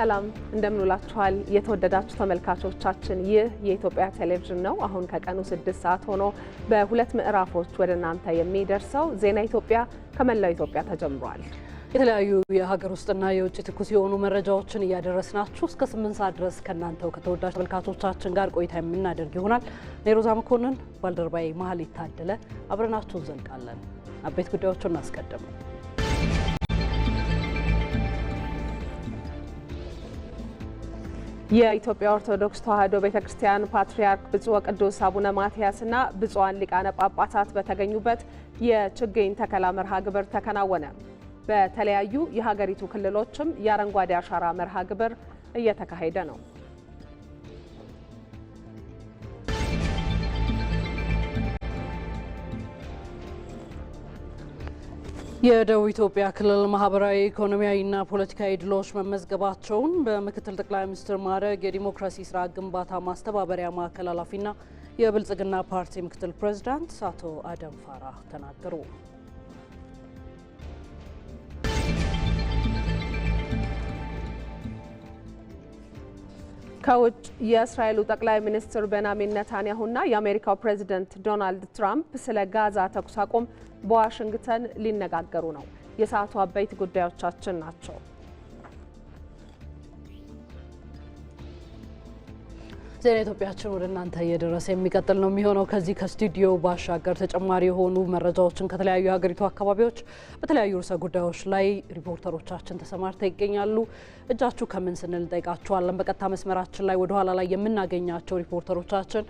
ሰላም እንደምንውላችኋል የተወደዳችሁ ተመልካቾቻችን፣ ይህ የኢትዮጵያ ቴሌቪዥን ነው። አሁን ከቀኑ ስድስት ሰዓት ሆኖ በሁለት ምዕራፎች ወደ እናንተ የሚደርሰው ዜና ኢትዮጵያ ከመላው ኢትዮጵያ ተጀምሯል። የተለያዩ የሀገር ውስጥና የውጭ ትኩስ የሆኑ መረጃዎችን እያደረስናችሁ እስከ ስምንት ሰዓት ድረስ ከእናንተው ከተወዳጅ ተመልካቾቻችን ጋር ቆይታ የምናደርግ ይሆናል። ኔሮዛ መኮንን፣ ባልደረባዬ መሀል ይታደለ አብረናችሁ እንዘልቃለን። አበይት ጉዳዮችን እናስቀድም። የኢትዮጵያ ኦርቶዶክስ ተዋሕዶ ቤተ ክርስቲያን ፓትርያርክ ብፁዕ ወቅዱስ አቡነ ማትያስና ብፁዓን ሊቃነ ጳጳሳት በተገኙበት የችግኝ ተከላ መርሃ ግብር ተከናወነ። በተለያዩ የሀገሪቱ ክልሎችም የአረንጓዴ አሻራ መርሃ ግብር እየተካሄደ ነው። የደቡብ ኢትዮጵያ ክልል ማህበራዊ ኢኮኖሚያዊና ፖለቲካዊ ድሎች መመዝገባቸውን በምክትል ጠቅላይ ሚኒስትር ማዕረግ የዲሞክራሲ ስራ ግንባታ ማስተባበሪያ ማዕከል ኃላፊና የብልጽግና ፓርቲ ምክትል ፕሬዚዳንት አቶ አደም ፋራ ተናገሩ። ከውጭ የእስራኤሉ ጠቅላይ ሚኒስትር ቤንያሚን ነታንያሁና የአሜሪካው ፕሬዚደንት ዶናልድ ትራምፕ ስለ ጋዛ ተኩስ አቁም በዋሽንግተን ሊነጋገሩ ነው። የሰዓቱ አበይት ጉዳዮቻችን ናቸው። ዜና ኢትዮጵያችን ወደ እናንተ እየደረሰ የሚቀጥል ነው የሚሆነው። ከዚህ ከስቱዲዮ ባሻገር ተጨማሪ የሆኑ መረጃዎችን ከተለያዩ የሀገሪቱ አካባቢዎች በተለያዩ ርዕሰ ጉዳዮች ላይ ሪፖርተሮቻችን ተሰማርተው ይገኛሉ። እጃችሁ ከምን ስንል እንጠይቃችኋለን። በቀጥታ መስመራችን ላይ ወደኋላ ላይ የምናገኛቸው ሪፖርተሮቻችን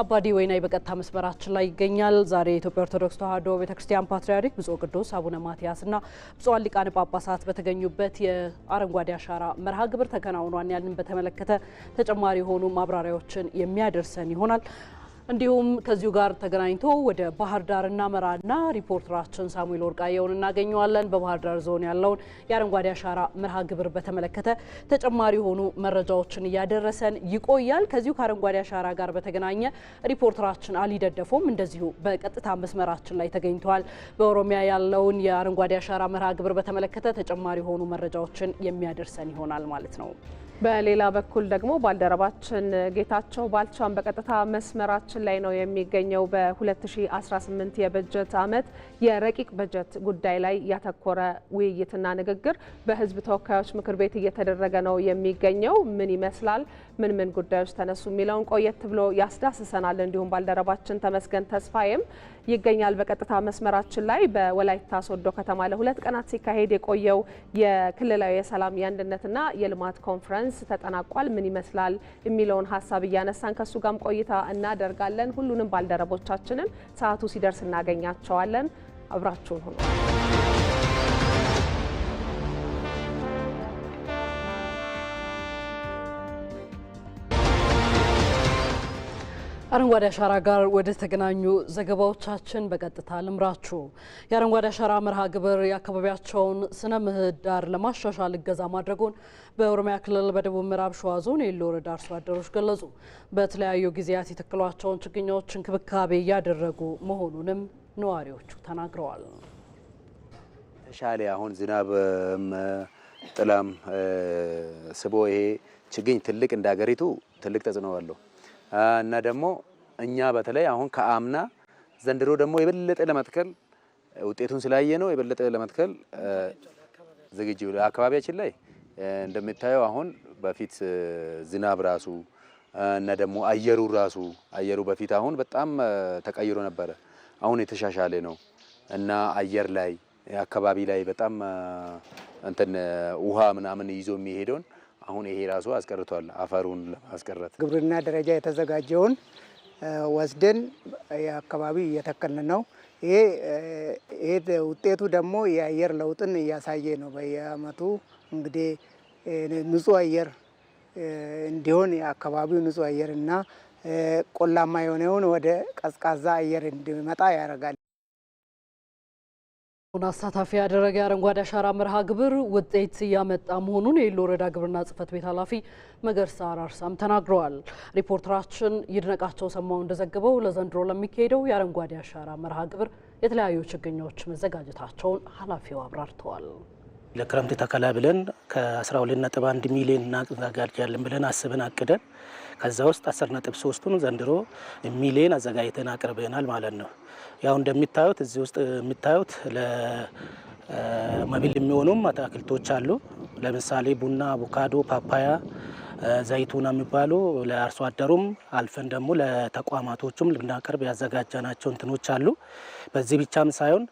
አባዲ ወይናይ በቀጥታ መስመራችን ላይ ይገኛል። ዛሬ የኢትዮጵያ ኦርቶዶክስ ተዋሕዶ ቤተክርስቲያን ፓትርያርክ ብፁዕ ቅዱስ አቡነ ማትያስና ብፁዓን ሊቃነ ጳጳሳት በተገኙበት የአረንጓዴ አሻራ መርሃ ግብር ተከናውኗን ያንን በተመለከተ ተጨማሪ የሆኑ ማብራሪያዎችን የሚያደርሰን ይሆናል። እንዲሁም ከዚሁ ጋር ተገናኝቶ ወደ ባህር ዳር እናመራና ሪፖርተራችን ሳሙኤል ወርቃየውን እናገኘዋለን። በባህር ዳር ዞን ያለውን የአረንጓዴ አሻራ መርሃ ግብር በተመለከተ ተጨማሪ የሆኑ መረጃዎችን እያደረሰን ይቆያል። ከዚሁ ከአረንጓዴ አሻራ ጋር በተገናኘ ሪፖርተራችን አሊ ደደፎም እንደዚሁ በቀጥታ መስመራችን ላይ ተገኝተዋል። በኦሮሚያ ያለውን የአረንጓዴ አሻራ መርሃ ግብር በተመለከተ ተጨማሪ የሆኑ መረጃዎችን የሚያደርሰን ይሆናል ማለት ነው። በሌላ በኩል ደግሞ ባልደረባችን ጌታቸው ባልቻን በቀጥታ መስመራችን ላይ ነው የሚገኘው። በ2018 የበጀት ዓመት የረቂቅ በጀት ጉዳይ ላይ ያተኮረ ውይይትና ንግግር በሕዝብ ተወካዮች ምክር ቤት እየተደረገ ነው የሚገኘው። ምን ይመስላል፣ ምን ምን ጉዳዮች ተነሱ የሚለውን ቆየት ብሎ ያስዳስሰናል። እንዲሁም ባልደረባችን ተመስገን ተስፋዬም ይገኛል። በቀጥታ መስመራችን ላይ በወላይታ ሶዶ ከተማ ለሁለት ቀናት ሲካሄድ የቆየው የክልላዊ የሰላም የአንድነትና የልማት ኮንፈረንስ ተጠናቋል። ምን ይመስላል የሚለውን ሀሳብ እያነሳን ከእሱ ጋም ቆይታ እናደርጋለን። ሁሉንም ባልደረቦቻችንን ሰዓቱ ሲደርስ እናገኛቸዋለን። አብራችሁን ሆኗል። ከአረንጓዴ አሻራ ጋር ወደ ተገናኙ ዘገባዎቻችን በቀጥታ ልምራችሁ። የአረንጓዴ አሻራ መርሃ ግብር የአካባቢያቸውን ስነ ምህዳር ለማሻሻል እገዛ ማድረጉን በኦሮሚያ ክልል በደቡብ ምዕራብ ሸዋ ዞን የሎ ወረዳ አርሶ አደሮች ገለጹ። በተለያዩ ጊዜያት የተክሏቸውን ችግኞች እንክብካቤ እያደረጉ መሆኑንም ነዋሪዎቹ ተናግረዋል። ተሻለ አሁን ዝናብ ጥላም ስቦ ይሄ ችግኝ ትልቅ እንደ ሀገሪቱ ትልቅ ተጽዕኖ አለው እና ደግሞ እኛ በተለይ አሁን ከአምና ዘንድሮ ደግሞ የበለጠ ለመትከል ውጤቱን ስላየ ነው የበለጠ ለመትከል ዝግጁ አካባቢያችን ላይ እንደሚታየው አሁን በፊት ዝናብ ራሱ እና ደግሞ አየሩ ራሱ አየሩ በፊት አሁን በጣም ተቀይሮ ነበረ። አሁን የተሻሻለ ነው እና አየር ላይ አካባቢ ላይ በጣም እንትን ውሃ ምናምን ይዞ የሚሄደውን አሁን ይሄ ራሱ አስቀርቷል። አፈሩን ለማስቀረት ግብርና ደረጃ የተዘጋጀውን ወስደን አካባቢ እየተከልን ነው። ይሄ ውጤቱ ደግሞ የአየር ለውጥን እያሳየ ነው። በየአመቱ እንግዲህ ንጹህ አየር እንዲሆን የአካባቢው ንጹህ አየር እና ቆላማ የሆነውን ወደ ቀዝቃዛ አየር እንዲመጣ ያደርጋል። ቡና አሳታፊ ያደረገ የአረንጓዴ አሻራ መርሃ ግብር ውጤት እያመጣ መሆኑን የኢሉ ወረዳ ግብርና ጽሕፈት ቤት ኃላፊ መገርሳ አራርሳም ተናግረዋል። ሪፖርተራችን ይድነቃቸው ሰማው እንደዘገበው ለዘንድሮ ለሚካሄደው የአረንጓዴ አሻራ መርሃ ግብር የተለያዩ ችግኞች መዘጋጀታቸውን ኃላፊው አብራርተዋል። ለክረምት ተከላ ብለን ከ 1 ሚሊዮን እናዘጋጃለን ብለን አስበን አቅደን ከዛ ውስጥ 3 ቱን ዘንድሮ ሚሊዮን አዘጋጅተን አቅርበናል ማለት ነው። ያው እንደሚታዩት እዚህ ውስጥ የሚታዩት ለመብል የሚሆኑም አትክልቶች አሉ። ለምሳሌ ቡና፣ አቮካዶ፣ ፓፓያ፣ ዘይቱና የሚባሉ ለአርሶ አደሩም አልፈን ደግሞ ለተቋማቶቹም ልናቀርብ ያዘጋጀናቸው እንትኖች አሉ። በዚህ ብቻም ሳይሆን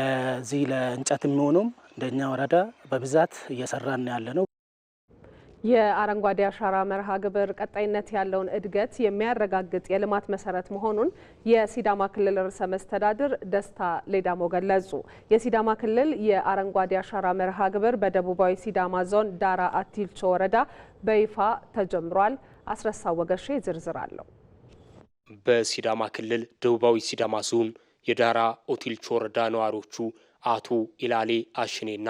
ለዚህ ለእንጨት የሚሆኑም እንደኛ ወረዳ በብዛት እየሰራን ያለ ነው። የአረንጓዴ አሻራ መርሃ ግብር ቀጣይነት ያለውን እድገት የሚያረጋግጥ የልማት መሰረት መሆኑን የሲዳማ ክልል ርዕሰ መስተዳድር ደስታ ሌዳሞ ገለጹ። የሲዳማ ክልል የአረንጓዴ አሻራ መርሃ ግብር በደቡባዊ ሲዳማ ዞን ዳራ አቲልቾ ወረዳ በይፋ ተጀምሯል። አስረሳ ወገሼ ዝርዝር አለው። በሲዳማ ክልል ደቡባዊ ሲዳማ ዞን የዳራ ኦቲልቾ ወረዳ ነዋሪዎቹ አቶ ኢላሌ አሽኔና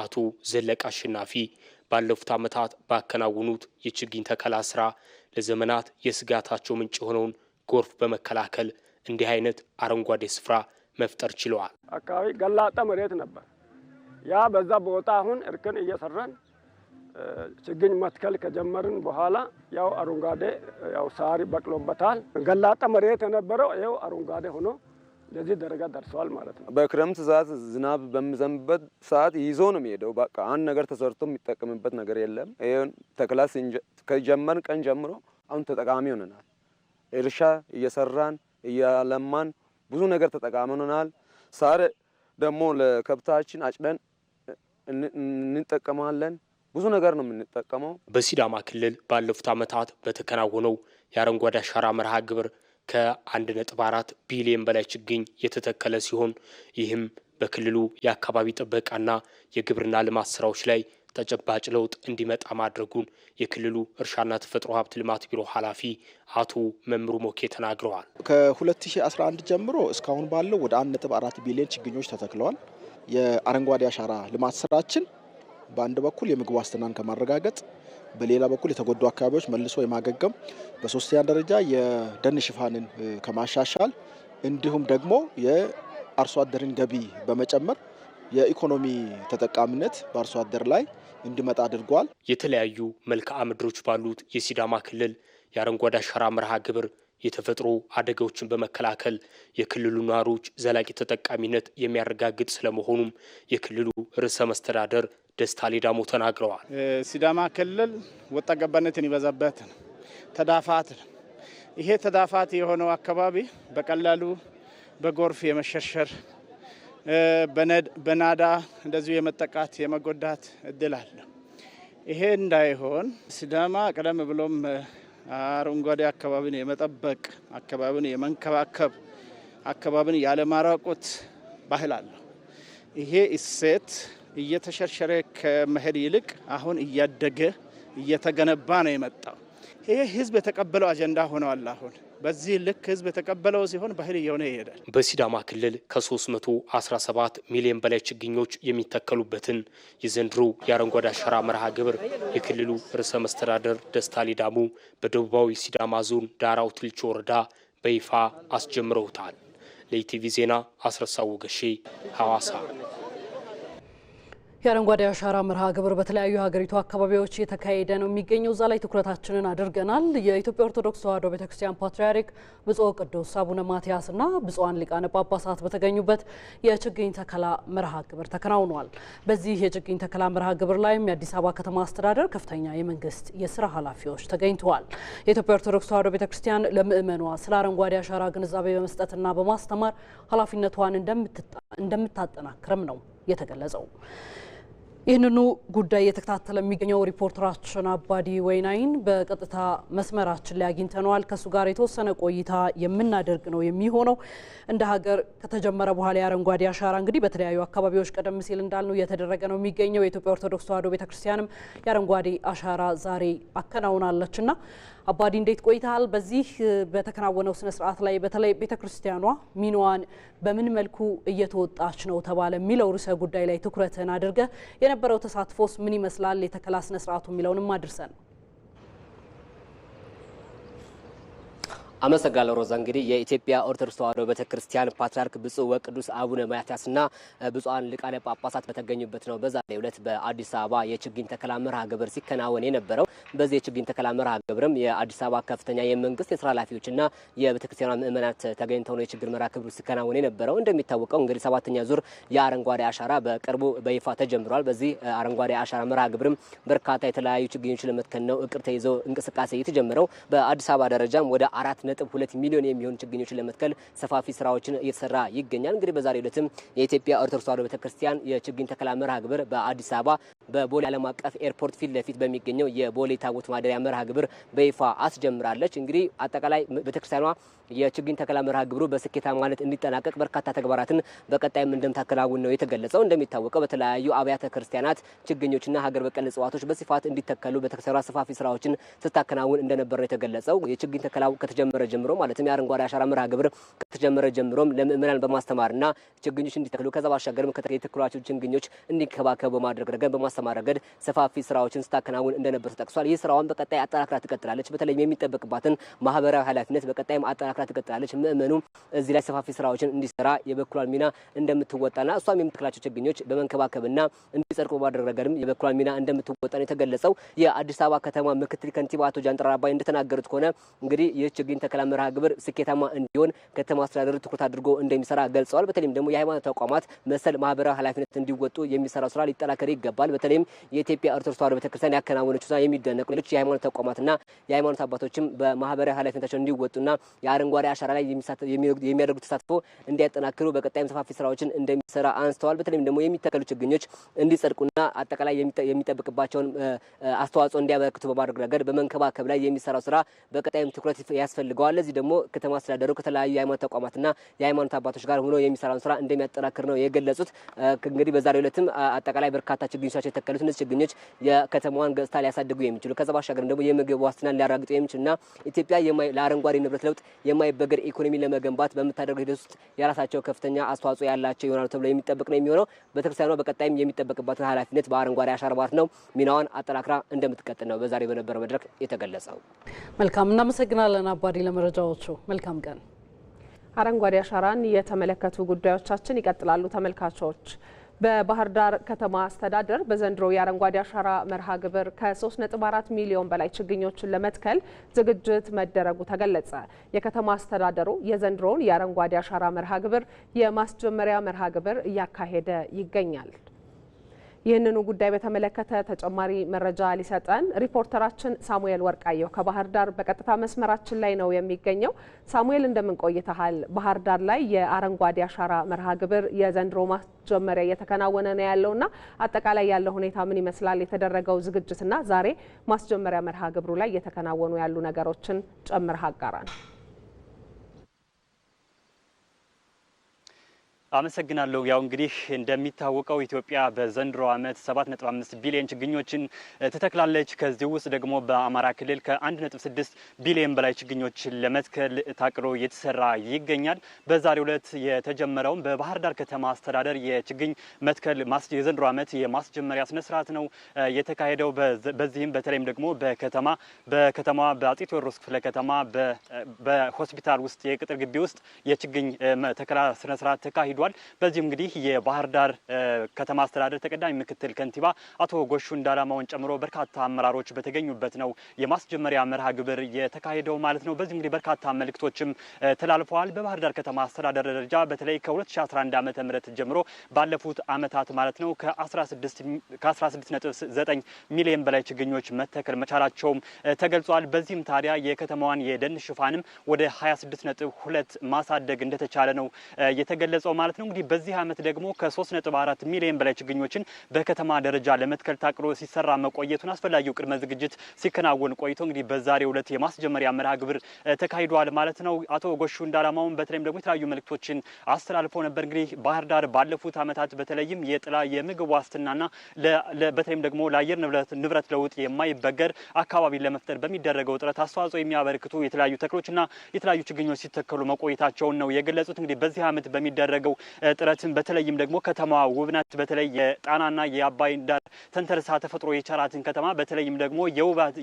አቶ ዘለቅ አሸናፊ ባለፉት ዓመታት ባከናውኑት የችግኝ ተከላ ስራ ለዘመናት የስጋታቸው ምንጭ የሆነውን ጎርፍ በመከላከል እንዲህ አይነት አረንጓዴ ስፍራ መፍጠር ችለዋል። አካባቢ ገላጠ መሬት ነበር። ያ በዛ ቦታ አሁን እርክን እየሰራን ችግኝ መትከል ከጀመርን በኋላ ያው አረንጓዴ ያው ሳር በቅሎበታል። ገላጠ መሬት የነበረው ይኸው አረንጓዴ ሆኖ ለዚህ ደረጃ ደርሰዋል ማለት ነው። በክረምት ሰዓት ዝናብ በሚዘንብበት ሰዓት ይዞ ነው የሚሄደው። በቃ አንድ ነገር ተሰርቶ የሚጠቀምበት ነገር የለም። ይሄን ተክላ ከጀመርን ቀን ጀምሮ አሁን ተጠቃሚ ሆነናል። እርሻ እየሰራን እያለማን ብዙ ነገር ተጠቃሚ ሆነናል። ሳር ደግሞ ለከብታችን አጭደን እንጠቀማለን። ብዙ ነገር ነው የምንጠቀመው። በሲዳማ ክልል ባለፉት ዓመታት በተከናወነው የአረንጓዴ አሻራ መርሃ ግብር ከ1.4 ቢሊዮን በላይ ችግኝ የተተከለ ሲሆን ይህም በክልሉ የአካባቢ ጥበቃና የግብርና ልማት ስራዎች ላይ ተጨባጭ ለውጥ እንዲመጣ ማድረጉን የክልሉ እርሻና ተፈጥሮ ሀብት ልማት ቢሮ ኃላፊ አቶ መምሩ ሞኬ ተናግረዋል። ከ2011 ጀምሮ እስካሁን ባለው ወደ 1.4 ቢሊዮን ችግኞች ተተክለዋል። የአረንጓዴ አሻራ ልማት ስራችን በአንድ በኩል የምግብ ዋስትናን ከማረጋገጥ በሌላ በኩል የተጎዱ አካባቢዎች መልሶ የማገገም በሶስተኛ ደረጃ የደን ሽፋንን ከማሻሻል እንዲሁም ደግሞ የአርሶ አደርን ገቢ በመጨመር የኢኮኖሚ ተጠቃሚነት በአርሶ አደር ላይ እንዲመጣ አድርጓል። የተለያዩ መልክዓ ምድሮች ባሉት የሲዳማ ክልል የአረንጓዴ አሻራ መርሃ ግብር የተፈጥሮ አደጋዎችን በመከላከል የክልሉ ነዋሪዎች ዘላቂ ተጠቃሚነት የሚያረጋግጥ ስለመሆኑም የክልሉ ርዕሰ መስተዳደር ደስታ ሊዳሞ ተናግረዋል። ሲዳማ ክልል ወጣ ገባነትን ይበዛበት ተዳፋት ይሄ ተዳፋት የሆነው አካባቢ በቀላሉ በጎርፍ የመሸርሸር በናዳ እንደዚሁ የመጠቃት የመጎዳት እድል አለ። ይሄ እንዳይሆን ሲዳማ ቀደም ብሎም አረንጓዴ አካባቢን የመጠበቅ አካባቢን የመንከባከብ አካባቢን ያለማራቆት ባህል አለው። ይሄ እሴት እየተሸርሸረ ከመሄድ ይልቅ አሁን እያደገ እየተገነባ ነው የመጣው። ይሄ ህዝብ የተቀበለው አጀንዳ ሆነዋል። አሁን በዚህ ልክ ህዝብ የተቀበለው ሲሆን ባህል እየሆነ ይሄዳል። በሲዳማ ክልል ከ317 ሚሊዮን በላይ ችግኞች የሚተከሉበትን የዘንድሮ የአረንጓዴ አሻራ መርሃ ግብር የክልሉ ርዕሰ መስተዳደር ደስታ ሊዳሙ በደቡባዊ ሲዳማ ዞን ዳራው ትልቾ ወረዳ በይፋ አስጀምረውታል። ለኢቲቪ ዜና አስረሳው ገሼ ሐዋሳ የአረንጓዴ አሻራ መርሃ ግብር በተለያዩ የሀገሪቱ አካባቢዎች እየተካሄደ ነው የሚገኘው። እዛ ላይ ትኩረታችንን አድርገናል። የኢትዮጵያ ኦርቶዶክስ ተዋሕዶ ቤተክርስቲያን ፓትርያርክ ብፁዕ ቅዱስ አቡነ ማትያስና ብፁዓን ሊቃነ ጳጳሳት በተገኙበት የችግኝ ተከላ መርሃ ግብር ተከናውኗል። በዚህ የችግኝ ተከላ መርሃ ግብር ላይም የአዲስ አበባ ከተማ አስተዳደር ከፍተኛ የመንግስት የስራ ኃላፊዎች ተገኝተዋል። የኢትዮጵያ ኦርቶዶክስ ተዋሕዶ ቤተክርስቲያን ለምእመኗ ስለ አረንጓዴ አሻራ ግንዛቤ በመስጠትና በማስተማር ኃላፊነቷን እንደምታጠናክርም ነው የተገለጸው። ይህንኑ ጉዳይ እየተከታተለ የሚገኘው ሪፖርተራችን አባዲ ወይናይን በቀጥታ መስመራችን ላይ አግኝተነዋል። ከእሱ ጋር የተወሰነ ቆይታ የምናደርግ ነው የሚሆነው። እንደ ሀገር ከተጀመረ በኋላ የአረንጓዴ አሻራ እንግዲህ በተለያዩ አካባቢዎች ቀደም ሲል እንዳልነው እየተደረገ ነው የሚገኘው። የኢትዮጵያ ኦርቶዶክስ ተዋሕዶ ቤተክርስቲያንም የአረንጓዴ አሻራ ዛሬ አከናውናለች አባዲ እንዴት ቆይታል በዚህ በተከናወነው ስነ ስርዓት ላይ በተለይ ቤተክርስቲያኗ ሚናዋን በምን መልኩ እየተወጣች ነው ተባለ የሚለው ርዕሰ ጉዳይ ላይ ትኩረትን አድርገ የነበረው ተሳትፎስ ምን ይመስላል? የተከላ ስነ ስርዓቱ የሚለውንም አድርሰን አመሰግናለሁ ሮዛ። እንግዲህ የኢትዮጵያ ኦርቶዶክስ ተዋህዶ ቤተክርስቲያን ፓትርያርክ ብፁዕ ወቅዱስ አቡነ ማትያስና ብፁዓን ሊቃነ ጳጳሳት በተገኙበት ነው በዛሬው ዕለት በአዲስ አበባ የችግኝ ተከላ መርሃ ግብር ሲከናወን የነበረው። በዚህ የችግኝ ተከላ መርሃ ግብርም የአዲስ አበባ ከፍተኛ የመንግስት የስራ ኃላፊዎችና የቤተክርስቲያኗ ምእመናት ተገኝተው ነው የችግኝ መርሃ ግብሩ ሲከናወን የነበረው። እንደሚታወቀው እንግዲህ ሰባተኛ ዙር የአረንጓዴ አሻራ በቅርቡ በይፋ ተጀምሯል። በዚህ አረንጓዴ አሻራ መርሃ ግብርም በርካታ የተለያዩ ችግኞች ለመትከል ነው እቅድ ተይዞ እንቅስቃሴ የተጀመረው። በአዲስ አበባ ደረጃም ወደ አራት ነጥ ሁለት ሚሊዮን የሚሆኑ ችግኞችን ለመትከል ሰፋፊ ስራዎችን እየተሰራ ይገኛል። እንግዲህ በዛሬው ዕለትም የኢትዮጵያ ኦርቶዶክስ ተዋሕዶ ቤተክርስቲያን የችግኝ ተከላ መርሃ ግብር በአዲስ አበባ በቦሌ ዓለም አቀፍ ኤርፖርት ፊት ለፊት በሚገኘው የቦሌ ታቦት ማደሪያ መርሃ ግብር በይፋ አስጀምራለች። እንግዲህ አጠቃላይ ቤተክርስቲያኗ የችግኝ ተከላ መርሃ ግብሩ በስኬታማነት እንዲጠናቀቅ በርካታ ተግባራትን በቀጣይም እንደምታከናውን ነው የተገለጸው። እንደሚታወቀው በተለያዩ አብያተ ክርስቲያናት ችግኞችና ሀገር በቀል እጽዋቶች በስፋት እንዲተከሉ በተሰራ ሰፋፊ ስራዎችን ስታከናውን እንደነበረ የተገለጸው። የችግኝ ተከላው ከተጀመረ ጀምሮ ማለትም የአረንጓዴ አሻራ መርሃ ግብር ከተጀመረ ጀምሮም ለምእመናን በማስተማርና ችግኞች እንዲተክሉ ከዛ ባሻገርም የተክሏቸው ችግኞች እንዲከባከቡ በማድረግ ረገድ በማስተማር ረገድ ሰፋፊ ስራዎችን ስታከናውን እንደነበር ተጠቅሷል። ይህ ስራዋን በቀጣይ አጠናክራ ትቀጥላለች። በተለይም የሚጠበቅባትን ማህበራዊ ኃላፊነት በቀጣይም አጠናክራ አጠናክራ ትቀጥላለች። ምእመኑ እዚህ ላይ ሰፋፊ ስራዎችን እንዲሰራ የበኩሏን ሚና እንደምትወጣና እሷም የምትክላቸው ችግኞች በመንከባከብና እንዲጸድቁ ባደረግ ረገድም የበኩሏን ሚና እንደምትወጣ ነው የተገለጸው። የአዲስ አበባ ከተማ ምክትል ከንቲባ አቶ ጃንጥራ አባይ እንደተናገሩት ከሆነ እንግዲህ ይህ ችግኝ ተከላ መርሃ ግብር ስኬታማ እንዲሆን ከተማ አስተዳደሩ ትኩረት አድርጎ እንደሚሰራ ገልጸዋል። በተለይም ደግሞ የሃይማኖት ተቋማት መሰል ማህበራዊ ኃላፊነት እንዲወጡ የሚሰራው ስራ ሊጠናከር ይገባል። በተለይም የኢትዮጵያ ኦርቶዶክስ ተዋሕዶ ቤተክርስቲያን ያከናወነችው የሚደነቁ ሌሎች የሃይማኖት ተቋማትና የሃይማኖት አባቶችም በማህበራዊ ኃላፊነታቸው እንዲወጡና የአረ አረንጓዴ አሻራ ላይ የሚያደርጉት ተሳትፎ እንዲያጠናክሩ በቀጣይም ሰፋፊ ስራዎችን እንደሚሰራ አንስተዋል። በተለይም ደግሞ የሚተከሉ ችግኞች እንዲጸድቁና አጠቃላይ የሚጠብቅባቸውን አስተዋጽኦ እንዲያበረክቱ በማድረግ ረገድ በመንከባከብ ላይ የሚሰራው ስራ በቀጣይም ትኩረት ያስፈልገዋል። ለዚህ ደግሞ ከተማ አስተዳደሩ ከተለያዩ የሃይማኖት ተቋማትና የሃይማኖት አባቶች ጋር ሆኖ የሚሰራውን ስራ እንደሚያጠናክር ነው የገለጹት። እንግዲህ በዛሬው ዕለትም አጠቃላይ በርካታ ችግኞቻቸው የተከሉት እነዚህ ችግኞች የከተማዋን ገጽታ ሊያሳድጉ የሚችሉ ከዛ ባሻገር ደግሞ የምግብ ዋስትናን ሊያራግጡ የሚችሉና ኢትዮጵያ ለአረንጓዴ ንብረት ለውጥ የማይበገር ኢኮኖሚ ለመገንባት በምታደርገው ሂደት ውስጥ የራሳቸው ከፍተኛ አስተዋጽኦ ያላቸው ይሆናሉ ተብሎ የሚጠበቅ ነው የሚሆነው። ቤተክርስቲያኗ በቀጣይም የሚጠበቅባትን ኃላፊነት በአረንጓዴ አሻራ ማለት ነው ሚናዋን አጠናክራ እንደምትቀጥል ነው በዛሬ በነበረው መድረክ የተገለጸው። መልካም እናመሰግናለን አባዲ ለመረጃዎቹ። መልካም ቀን። አረንጓዴ አሻራን የተመለከቱ ጉዳዮቻችን ይቀጥላሉ ተመልካቾች። በባህር ዳር ከተማ አስተዳደር በዘንድሮ የአረንጓዴ አሻራ መርሃ ግብር ከ3.4 ሚሊዮን በላይ ችግኞችን ለመትከል ዝግጅት መደረጉ ተገለጸ። የከተማ አስተዳደሩ የዘንድሮውን የአረንጓዴ አሻራ መርሃ ግብር የማስጀመሪያ መርሃ ግብር እያካሄደ ይገኛል። ይህንኑ ጉዳይ በተመለከተ ተጨማሪ መረጃ ሊሰጠን ሪፖርተራችን ሳሙኤል ወርቃየሁ ከባህር ዳር በቀጥታ መስመራችን ላይ ነው የሚገኘው። ሳሙኤል እንደምን ቆይተሃል? ባህር ዳር ላይ የአረንጓዴ አሻራ መርሃ ግብር የዘንድሮ ማስጀመሪያ እየተከናወነ ነው ያለውና አጠቃላይ ያለው ሁኔታ ምን ይመስላል? የተደረገው ዝግጅትና ዛሬ ማስጀመሪያ መርሃ ግብሩ ላይ እየተከናወኑ ያሉ ነገሮችን ጨምረህ ነው። አመሰግናለሁ። ያው እንግዲህ እንደሚታወቀው ኢትዮጵያ በዘንድሮ ዓመት 7.5 ቢሊዮን ችግኞችን ትተክላለች። ከዚህ ውስጥ ደግሞ በአማራ ክልል ከ1.6 ቢሊዮን በላይ ችግኞች ለመትከል ታቅዶ እየተሰራ ይገኛል። በዛሬው ዕለት የተጀመረውን በባህር ዳር ከተማ አስተዳደር የችግኝ መትከል የዘንድሮ ዓመት የማስጀመሪያ ስነስርዓት ነው የተካሄደው። በዚህም በተለይም ደግሞ በከተማ በከተማ በአጼ ቴዎድሮስ ክፍለ ከተማ በሆስፒታል ውስጥ የቅጥር ግቢ ውስጥ የችግኝ ተከላ ስነስርዓት ተካሂዷል። ተካሂዷል። በዚህም እንግዲህ የባህር ዳር ከተማ አስተዳደር ተቀዳሚ ምክትል ከንቲባ አቶ ጎሹ እንዳላማውን ጨምሮ በርካታ አመራሮች በተገኙበት ነው የማስጀመሪያ መርሃ ግብር የተካሄደው ማለት ነው። በዚህ እንግዲህ በርካታ መልእክቶችም ተላልፈዋል። በባህር ዳር ከተማ አስተዳደር ደረጃ በተለይ ከ2011 ዓ ም ጀምሮ ባለፉት አመታት ማለት ነው ከ16.9 ሚሊዮን በላይ ችግኞች መተከል መቻላቸውም ተገልጿል። በዚህም ታዲያ የከተማዋን የደን ሽፋንም ወደ 26.2 ማሳደግ እንደተቻለ ነው የተገለጸው ማለት ማለት ነው። እንግዲህ በዚህ ዓመት ደግሞ ከ3.4 ሚሊዮን በላይ ችግኞችን በከተማ ደረጃ ለመትከል ታቅዶ ሲሰራ መቆየቱን አስፈላጊው ቅድመ ዝግጅት ሲከናወን ቆይቶ እንግዲህ በዛሬው ዕለት የማስጀመሪያ መርሃ ግብር ተካሂዷል ማለት ነው። አቶ ጎሹ እንዳላማውን በተለይም ደግሞ የተለያዩ መልእክቶችን አስተላልፎ ነበር። እንግዲህ ባህር ዳር ባለፉት ዓመታት በተለይም የጥላ የምግብ ዋስትናና በተለይም ደግሞ ለአየር ንብረት ለውጥ የማይበገር አካባቢ ለመፍጠር በሚደረገው ጥረት አስተዋጽኦ የሚያበረክቱ የተለያዩ ተክሎችና የተለያዩ ችግኞች ሲተከሉ መቆየታቸውን ነው የገለጹት። እንግዲህ በዚህ አመት በሚደረገው ጥረትን በተለይም ደግሞ ከተማዋ ውብናት በተለይ የጣናና የአባይን ዳር ተንተርሳ ተፈጥሮ የቻላትን ከተማ በተለይም ደግሞ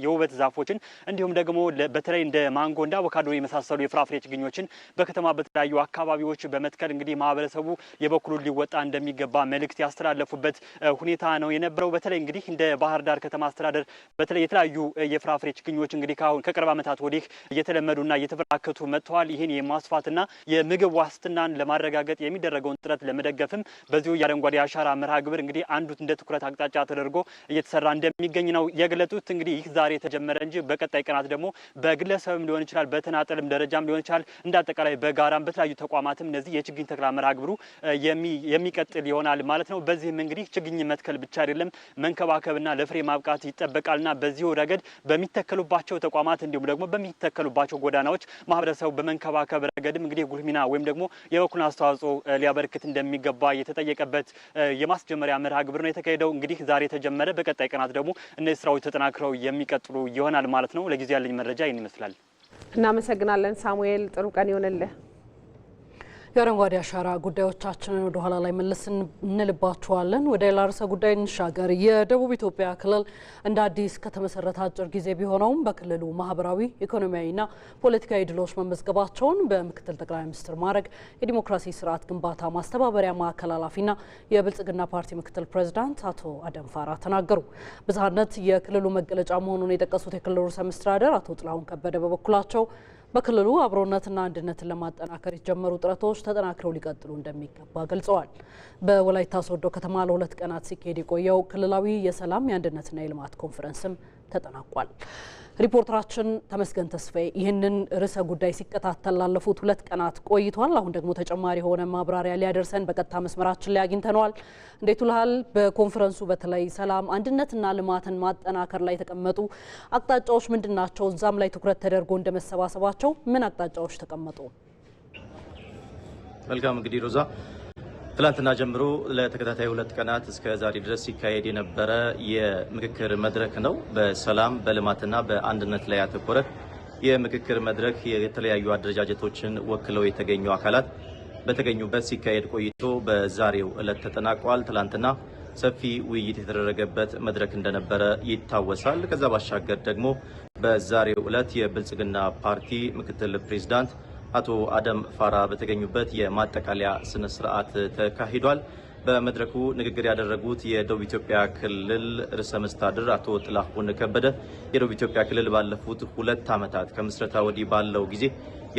የውበት ዛፎችን እንዲሁም ደግሞ በተለይ እንደ ማንጎ እንደ አቮካዶ የመሳሰሉ የፍራፍሬ ችግኞችን በከተማ በተለያዩ አካባቢዎች በመትከል እንግዲህ ማህበረሰቡ የበኩሉን ሊወጣ እንደሚገባ መልእክት ያስተላለፉበት ሁኔታ ነው የነበረው። በተለይ እንግዲህ እንደ ባህር ዳር ከተማ አስተዳደር በተለይ የተለያዩ የፍራፍሬ ችግኞች እንግዲህ ከአሁን ከቅርብ ዓመታት ወዲህ እየተለመዱና እየተበራከቱ መጥተዋል። ይህን የማስፋትና የምግብ ዋስትናን ለማረጋገጥ የሚደ የሚደረገውን ጥረት ለመደገፍም በዚሁ የአረንጓዴ አሻራ መርሃ ግብር እንግዲህ አንዱ እንደ ትኩረት አቅጣጫ ተደርጎ እየተሰራ እንደሚገኝ ነው የገለጡት። እንግዲህ ይህ ዛሬ የተጀመረ እንጂ በቀጣይ ቀናት ደግሞ በግለሰብም ሊሆን ይችላል፣ በተናጠልም ደረጃም ሊሆን ይችላል፣ እንደ አጠቃላይ በጋራም በተለያዩ ተቋማትም እነዚህ የችግኝ ተክላ መርሃ ግብሩ የሚቀጥል ይሆናል ማለት ነው። በዚህም እንግዲህ ችግኝ መትከል ብቻ አይደለም መንከባከብና ለፍሬ ማብቃት ይጠበቃልና በዚሁ ረገድ በሚተከሉባቸው ተቋማት እንዲሁም ደግሞ በሚተከሉባቸው ጎዳናዎች ማህበረሰቡ በመንከባከብ ረገድም እንግዲህ ጉልህ ሚና ወይም ደግሞ የበኩሉን አስተዋጽኦ ሊያበረክት እንደሚገባ የተጠየቀበት የማስጀመሪያ መርሃ ግብር ነው የተካሄደው። እንግዲህ ዛሬ የተጀመረ፣ በቀጣይ ቀናት ደግሞ እነዚህ ስራዎች ተጠናክረው የሚቀጥሉ ይሆናል ማለት ነው። ለጊዜ ያለኝ መረጃ ይህን ይመስላል። እናመሰግናለን ሳሙኤል፣ ጥሩ ቀን ይሆንልህ። የአረንጓዴ አሻራ ጉዳዮቻችንን ወደ ኋላ ላይ መለስ እንልባችኋለን። ወደ ሌላ ርዕሰ ጉዳይ እንሻገር። የደቡብ ኢትዮጵያ ክልል እንደ አዲስ ከተመሰረተ አጭር ጊዜ ቢሆነውም በክልሉ ማህበራዊ፣ ኢኮኖሚያዊና ፖለቲካዊ ድሎች መመዝገባቸውን በምክትል ጠቅላይ ሚኒስትር ማዕረግ የዲሞክራሲ ስርዓት ግንባታ ማስተባበሪያ ማዕከል ኃላፊና የብልጽግና ፓርቲ ምክትል ፕሬዚዳንት አቶ ፋራ ተናገሩ። ብዝሃነት የክልሉ መገለጫ መሆኑን የጠቀሱት የክልሉ ርዕሰ መስተዳደር አቶ ጥላሁን ከበደ በበኩላቸው በክልሉ አብሮነትና አንድነትን ለማጠናከር የተጀመሩ ጥረቶች ተጠናክረው ሊቀጥሉ እንደሚገባ ገልጸዋል። በወላይታ ሶዶ ከተማ ለሁለት ቀናት ሲካሄድ የቆየው ክልላዊ የሰላም የአንድነትና የልማት ኮንፈረንስም ተጠናቋል። ሪፖርተራችን ተመስገን ተስፋዬ ይህንን ርዕሰ ጉዳይ ሲከታተል ላለፉት ሁለት ቀናት ቆይቷል። አሁን ደግሞ ተጨማሪ የሆነ ማብራሪያ ሊያደርሰን በቀጥታ መስመራችን ላይ አግኝተነዋል። እንዴት ውልሃል? በኮንፈረንሱ በተለይ ሰላም አንድነትና ልማትን ማጠናከር ላይ የተቀመጡ አቅጣጫዎች ምንድን ናቸው? እዛም ላይ ትኩረት ተደርጎ እንደመሰባሰባቸው? ምን አቅጣጫዎች ተቀመጡ? መልካም እንግዲህ ሮዛ ትላንትና ጀምሮ ለተከታታይ ሁለት ቀናት እስከ ዛሬ ድረስ ሲካሄድ የነበረ የምክክር መድረክ ነው። በሰላም በልማትና በአንድነት ላይ ያተኮረ የምክክር መድረክ የተለያዩ አደረጃጀቶችን ወክለው የተገኙ አካላት በተገኙበት ሲካሄድ ቆይቶ በዛሬው ዕለት ተጠናቋል። ትላንትና ሰፊ ውይይት የተደረገበት መድረክ እንደነበረ ይታወሳል። ከዛ ባሻገር ደግሞ በዛሬው ዕለት የብልጽግና ፓርቲ ምክትል ፕሬዚዳንት አቶ አደም ፋራ በተገኙበት የማጠቃለያ ስነ ስርዓት ተካሂዷል። በመድረኩ ንግግር ያደረጉት የደቡብ ኢትዮጵያ ክልል ርዕሰ መስተዳድር አቶ ጥላሁን ከበደ የደቡብ ኢትዮጵያ ክልል ባለፉት ሁለት ዓመታት ከምስረታ ወዲህ ባለው ጊዜ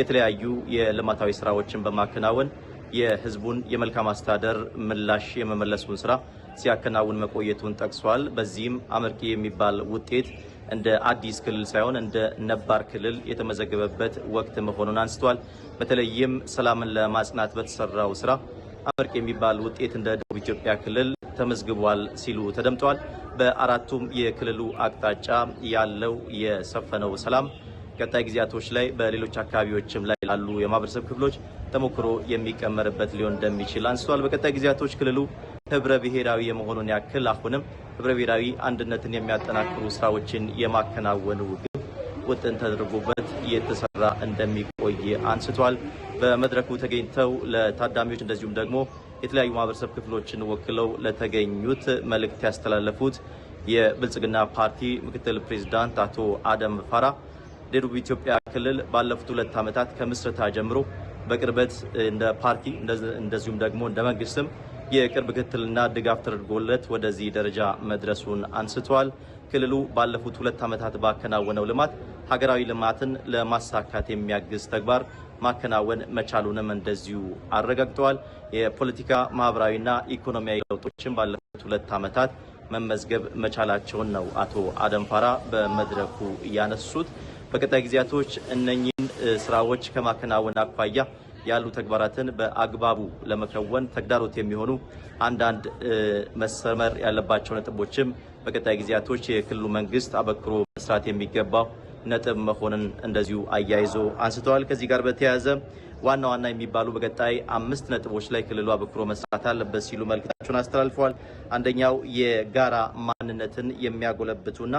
የተለያዩ የልማታዊ ስራዎችን በማከናወን የህዝቡን የመልካም አስተዳደር ምላሽ የመመለሱን ስራ ሲያከናውን መቆየቱን ጠቅሷል። በዚህም አመርቂ የሚባል ውጤት እንደ አዲስ ክልል ሳይሆን እንደ ነባር ክልል የተመዘገበበት ወቅት መሆኑን አንስቷል። በተለይም ሰላምን ለማጽናት በተሰራው ስራ አመርቅ የሚባል ውጤት እንደ ደቡብ ኢትዮጵያ ክልል ተመዝግቧል ሲሉ ተደምጠዋል። በአራቱም የክልሉ አቅጣጫ ያለው የሰፈነው ሰላም ቀጣይ ጊዜያቶች ላይ በሌሎች አካባቢዎችም ላይ ላሉ የማህበረሰብ ክፍሎች ተሞክሮ የሚቀመርበት ሊሆን እንደሚችል አንስቷል። በቀጣይ ጊዜያቶች ክልሉ ህብረ ብሔራዊ የመሆኑን ያክል አሁንም ህብረ ብሔራዊ አንድነትን የሚያጠናክሩ ስራዎችን የማከናወኑ ግብ ውጥን ተደርጎበት እየተሰራ እንደሚቆይ አንስቷል። በመድረኩ ተገኝተው ለታዳሚዎች እንደዚሁም ደግሞ የተለያዩ ማህበረሰብ ክፍሎችን ወክለው ለተገኙት መልእክት ያስተላለፉት የብልጽግና ፓርቲ ምክትል ፕሬዚዳንት አቶ አደም ፋራ ደቡብ ኢትዮጵያ ክልል ባለፉት ሁለት ዓመታት ከምስረታ ጀምሮ በቅርበት እንደ ፓርቲ እንደዚሁም ደግሞ እንደ መንግስትም የቅርብ ክትትልና ድጋፍ ተደርጎለት ወደዚህ ደረጃ መድረሱን አንስተዋል። ክልሉ ባለፉት ሁለት ዓመታት ባከናወነው ልማት ሀገራዊ ልማትን ለማሳካት የሚያግዝ ተግባር ማከናወን መቻሉንም እንደዚሁ አረጋግጠዋል። የፖለቲካ ማህበራዊና ኢኮኖሚያዊ ለውጦችን ባለፉት ሁለት ዓመታት መመዝገብ መቻላቸውን ነው አቶ አደንፋራ በመድረኩ እያነሱት። በቀጣይ ጊዜያቶች እነኚህን ስራዎች ከማከናወን አኳያ ያሉ ተግባራትን በአግባቡ ለመከወን ተግዳሮት የሚሆኑ አንዳንድ መሰመር ያለባቸው ነጥቦችም በቀጣይ ጊዜያቶች የክልሉ መንግስት አበክሮ መስራት የሚገባው ነጥብ መሆንን እንደዚሁ አያይዞ አንስተዋል። ከዚህ ጋር በተያያዘ ዋና ዋና የሚባሉ በቀጣይ አምስት ነጥቦች ላይ ክልሉ አበክሮ መስራት አለበት ሲሉ መልእክታቸውን አስተላልፈዋል። አንደኛው የጋራ ማንነትን የሚያጎለብቱና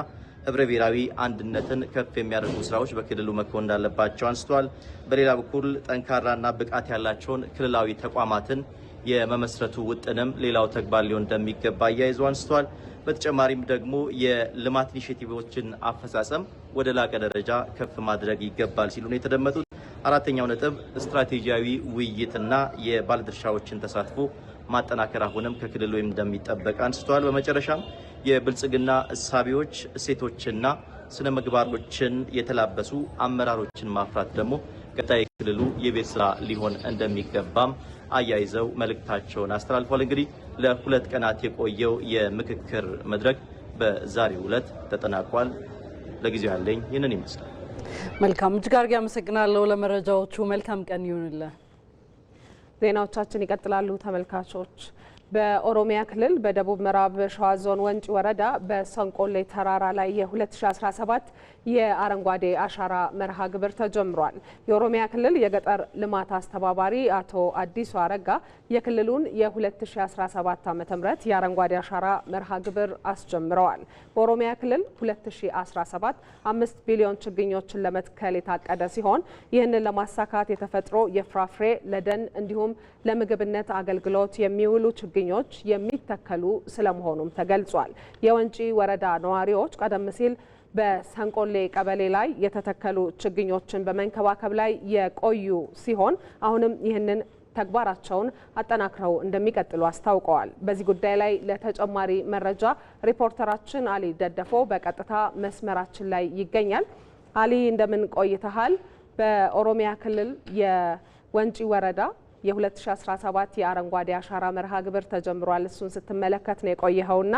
ህብረ ብሔራዊ አንድነትን ከፍ የሚያደርጉ ስራዎች በክልሉ መከወን እንዳለባቸው አንስተዋል። በሌላ በኩል ጠንካራና ብቃት ያላቸውን ክልላዊ ተቋማትን የመመስረቱ ውጥንም ሌላው ተግባር ሊሆን እንደሚገባ አያይዞ አንስተዋል። በተጨማሪም ደግሞ የልማት ኢኒሽቲቮችን አፈጻጸም ወደ ላቀ ደረጃ ከፍ ማድረግ ይገባል ሲሉ ነው የተደመጡት። አራተኛው ነጥብ ስትራቴጂያዊ ውይይትና የባለድርሻዎችን ተሳትፎ ማጠናከር አሁንም ከክልሉ እንደሚጠበቅ አንስተዋል። በመጨረሻም የብልጽግና እሳቢዎች እሴቶችና ስነ ምግባሮችን የተላበሱ አመራሮችን ማፍራት ደግሞ ቀጣይ ክልሉ የቤት ስራ ሊሆን እንደሚገባም አያይዘው መልእክታቸውን አስተላልፏል። እንግዲህ ለሁለት ቀናት የቆየው የምክክር መድረክ በዛሬው ዕለት ተጠናቋል። ለጊዜው ያለኝ ይህንን ይመስላል። መልካም እጅጋርጌ አመሰግናለሁ ለመረጃዎቹ። መልካም ቀን ይሁንልህ። ዜናዎቻችን ይቀጥላሉ ተመልካቾች። በኦሮሚያ ክልል በደቡብ ምዕራብ ሸዋ ዞን ወንጭ ወረዳ በሰንቆሌ ተራራ ላይ የ2017 የአረንጓዴ አሻራ መርሃ ግብር ተጀምሯል። የኦሮሚያ ክልል የገጠር ልማት አስተባባሪ አቶ አዲሱ አረጋ የክልሉን የ2017 ዓ.ም የአረንጓዴ አሻራ መርሃ ግብር አስጀምረዋል። በኦሮሚያ ክልል 2017 አምስት ቢሊዮን ችግኞችን ለመትከል የታቀደ ሲሆን ይህንን ለማሳካት የተፈጥሮ የፍራፍሬ ለደን እንዲሁም ለምግብነት አገልግሎት የሚውሉ ችግኞች የሚተከሉ ስለመሆኑም ተገልጿል። የወንጪ ወረዳ ነዋሪዎች ቀደም ሲል በሰንቆሌ ቀበሌ ላይ የተተከሉ ችግኞችን በመንከባከብ ላይ የቆዩ ሲሆን አሁንም ይህንን ተግባራቸውን አጠናክረው እንደሚቀጥሉ አስታውቀዋል። በዚህ ጉዳይ ላይ ለተጨማሪ መረጃ ሪፖርተራችን አሊ ደደፎ በቀጥታ መስመራችን ላይ ይገኛል። አሊ እንደምን ቆይተሃል? በኦሮሚያ ክልል የወንጪ ወረዳ የ2017 የአረንጓዴ አሻራ መርሃ ግብር ተጀምሯል። እሱን ስትመለከት ነው የቆየኸውና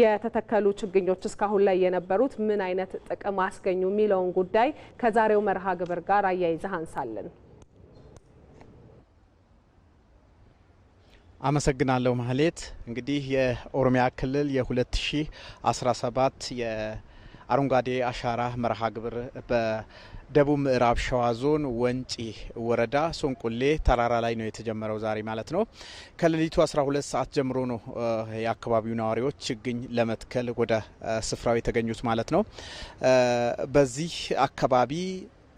የተተከሉ ችግኞች እስካሁን ላይ የነበሩት ምን አይነት ጥቅም አስገኙ የሚለውን ጉዳይ ከዛሬው መርሃ ግብር ጋር አያይዘህ አንሳለን። አመሰግናለሁ ማህሌት። እንግዲህ የኦሮሚያ ክልል የ2017 የአረንጓዴ አሻራ መርሃ ግብር ደቡብ ምዕራብ ሸዋ ዞን ወንጪ ወረዳ ሶንቆሌ ተራራ ላይ ነው የተጀመረው ዛሬ ማለት ነው። ከሌሊቱ 12 ሰዓት ጀምሮ ነው የአካባቢው ነዋሪዎች ችግኝ ለመትከል ወደ ስፍራው የተገኙት ማለት ነው። በዚህ አካባቢ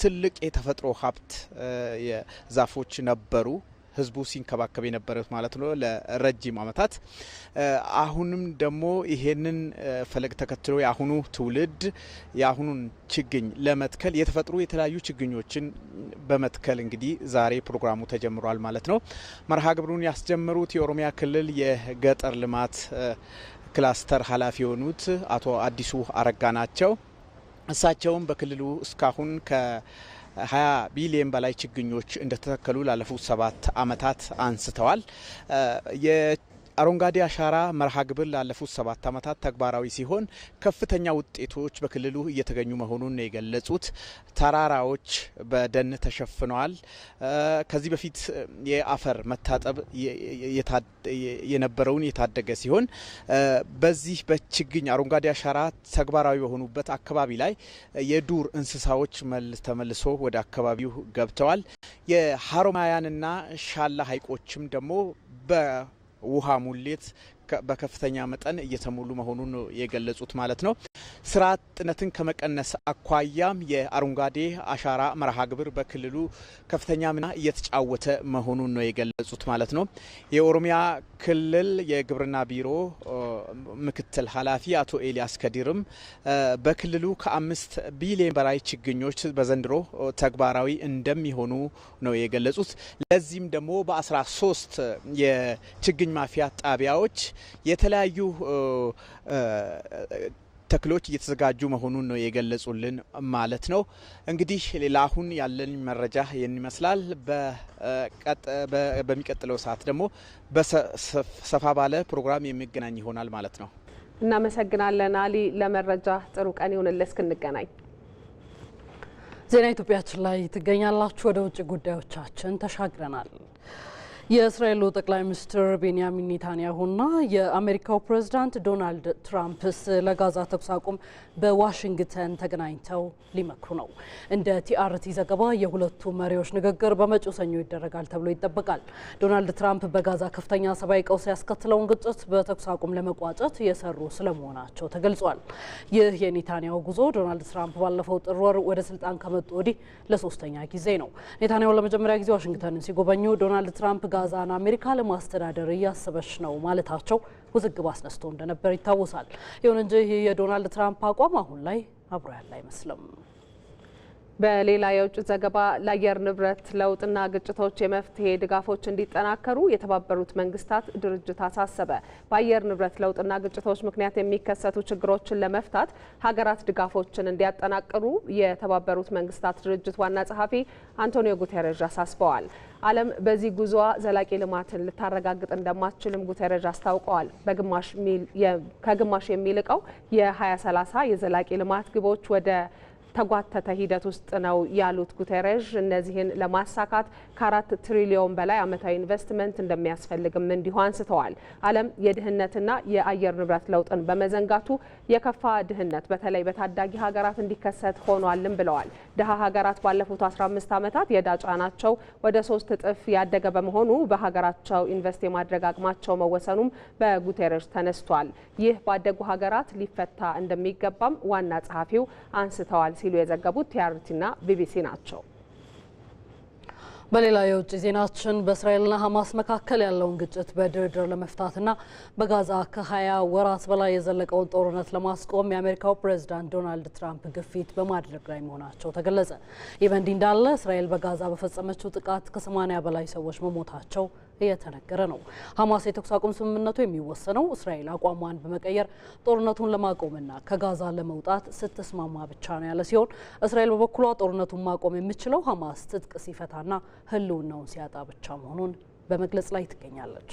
ትልቅ የተፈጥሮ ሀብት ዛፎች ነበሩ። ህዝቡ ሲንከባከብ የነበረት ማለት ነው ለረጅም አመታት አሁንም ደግሞ ይሄንን ፈለግ ተከትሎ የአሁኑ ትውልድ የአሁኑን ችግኝ ለመትከል የተፈጥሩ የተለያዩ ችግኞችን በመትከል እንግዲህ ዛሬ ፕሮግራሙ ተጀምሯል ማለት ነው። መርሃ ግብሩን ያስጀመሩት የኦሮሚያ ክልል የገጠር ልማት ክላስተር ኃላፊ የሆኑት አቶ አዲሱ አረጋ ናቸው። እሳቸውም በክልሉ እስካሁን ከ 20 ቢሊየን በላይ ችግኞች እንደተተከሉ ላለፉት ሰባት ዓመታት አንስተዋል። አረንጓዴ አሻራ መርሃ ግብር ላለፉት ሰባት ዓመታት ተግባራዊ ሲሆን ከፍተኛ ውጤቶች በክልሉ እየተገኙ መሆኑን የገለጹት ተራራዎች በደን ተሸፍነዋል። ከዚህ በፊት የአፈር መታጠብ የነበረውን የታደገ ሲሆን በዚህ በችግኝ አረንጓዴ አሻራ ተግባራዊ በሆኑበት አካባቢ ላይ የዱር እንስሳዎች ተመልሶ ወደ አካባቢው ገብተዋል። የሀሮማያንና ሻላ ሀይቆችም ደግሞ ውሃ ሙሌት በከፍተኛ መጠን እየተሞሉ መሆኑን የገለጹት ማለት ነው። ስራ አጥነትን ከመቀነስ አኳያም የአረንጓዴ አሻራ መርሃ ግብር በክልሉ ከፍተኛ ሚና እየተጫወተ መሆኑን ነው የገለጹት ማለት ነው። የኦሮሚያ ክልል የግብርና ቢሮ ምክትል ኃላፊ አቶ ኤልያስ ከዲርም በክልሉ ከአምስት ቢሊዮን በላይ ችግኞች በዘንድሮ ተግባራዊ እንደሚሆኑ ነው የገለጹት። ለዚህም ደግሞ በ13 የችግኝ ማፍያ ጣቢያዎች የተለያዩ ተክሎች እየተዘጋጁ መሆኑን ነው የገለጹልን ማለት ነው። እንግዲህ አሁን ያለን መረጃ ይህን ይመስላል። በሚቀጥለው ሰዓት ደግሞ በሰፋ ባለ ፕሮግራም የሚገናኝ ይሆናል ማለት ነው። እናመሰግናለን አሊ፣ ለመረጃ ጥሩ ቀን ይሁንልህ። እስክንገናኝ ዜና ኢትዮጵያችን ላይ ትገኛላችሁ። ወደ ውጭ ጉዳዮቻችን ተሻግረናል። የእስራኤሉ ጠቅላይ ሚኒስትር ቤንያሚን ኔታንያሁና የአሜሪካው ፕሬዝዳንት ዶናልድ ትራምፕ ስለ ጋዛ ተኩስ አቁም በዋሽንግተን ተገናኝተው ሊመክሩ ነው። እንደ ቲአርቲ ዘገባ የሁለቱ መሪዎች ንግግር በመጪው ሰኞ ይደረጋል ተብሎ ይጠበቃል። ዶናልድ ትራምፕ በጋዛ ከፍተኛ ሰብአዊ ቀውስ ያስከትለውን ግጭት በተኩስ አቁም ለመቋጨት የሰሩ ስለመሆናቸው ተገልጿል። ይህ የኔታንያሁ ጉዞ ዶናልድ ትራምፕ ባለፈው ጥር ወር ወደ ስልጣን ከመጡ ወዲህ ለሶስተኛ ጊዜ ነው። ኔታንያሁ ለመጀመሪያ ጊዜ ዋሽንግተንን ሲጎበኙ ዶናልድ ትራምፕ ጋዛን አሜሪካ ለማስተዳደር እያሰበች ነው ማለታቸው ውዝግብ አስነስቶ እንደነበር ይታወሳል። ይሁን እንጂ ይህ የዶናልድ ትራምፕ አቋም አሁን ላይ አብሮ ያለ አይመስልም። በሌላ የውጭ ዘገባ ለአየር ንብረት ለውጥና ግጭቶች የመፍትሄ ድጋፎች እንዲጠናከሩ የተባበሩት መንግስታት ድርጅት አሳሰበ። በአየር ንብረት ለውጥና ግጭቶች ምክንያት የሚከሰቱ ችግሮችን ለመፍታት ሀገራት ድጋፎችን እንዲያጠናቅሩ የተባበሩት መንግስታት ድርጅት ዋና ጸሐፊ አንቶኒዮ ጉተረዥ አሳስበዋል። ዓለም በዚህ ጉዞ ዘላቂ ልማትን ልታረጋግጥ እንደማትችልም ጉተረዥ አስታውቀዋል። ከግማሽ የሚልቀው የ2030 የዘላቂ ልማት ግቦች ወደ ተጓተተ ሂደት ውስጥ ነው ያሉት ጉተረዥ እነዚህን ለማሳካት ከአራት ትሪሊዮን በላይ አመታዊ ኢንቨስትመንት እንደሚያስፈልግም እንዲሁ አንስተዋል። ዓለም የድህነትና የአየር ንብረት ለውጥን በመዘንጋቱ የከፋ ድህነት በተለይ በታዳጊ ሀገራት እንዲከሰት ሆኗልም ብለዋል። ድሀ ሀገራት ባለፉት 15 ዓመታት የዕዳ ጫናቸው ወደ ሶስት እጥፍ ያደገ በመሆኑ በሀገራቸው ኢንቨስት የማድረግ አቅማቸው መወሰኑም በጉተረዥ ተነስቷል። ይህ ባደጉ ሀገራት ሊፈታ እንደሚገባም ዋና ጸሐፊው አንስተዋል። ሲሉ የዘገቡት ቲአርቲና ቢቢሲ ናቸው። በሌላ የውጭ ዜናችን በእስራኤልና ሀማስ መካከል ያለውን ግጭት በድርድር ለመፍታትና በጋዛ ከ20 ወራት በላይ የዘለቀውን ጦርነት ለማስቆም የአሜሪካው ፕሬዚዳንት ዶናልድ ትራምፕ ግፊት በማድረግ ላይ መሆናቸው ተገለጸ። ይህ በእንዲህ እንዳለ እስራኤል በጋዛ በፈጸመችው ጥቃት ከ80 በላይ ሰዎች መሞታቸው እየተነገረ ነው። ሐማስ የተኩስ አቁም ስምምነቱ የሚወሰነው እስራኤል አቋሟን በመቀየር ጦርነቱን ለማቆምና ከጋዛ ለመውጣት ስትስማማ ብቻ ነው ያለ ሲሆን እስራኤል በበኩሏ ጦርነቱን ማቆም የምችለው ሐማስ ትጥቅ ሲፈታና ህልውናውን ሲያጣ ብቻ መሆኑን በመግለጽ ላይ ትገኛለች።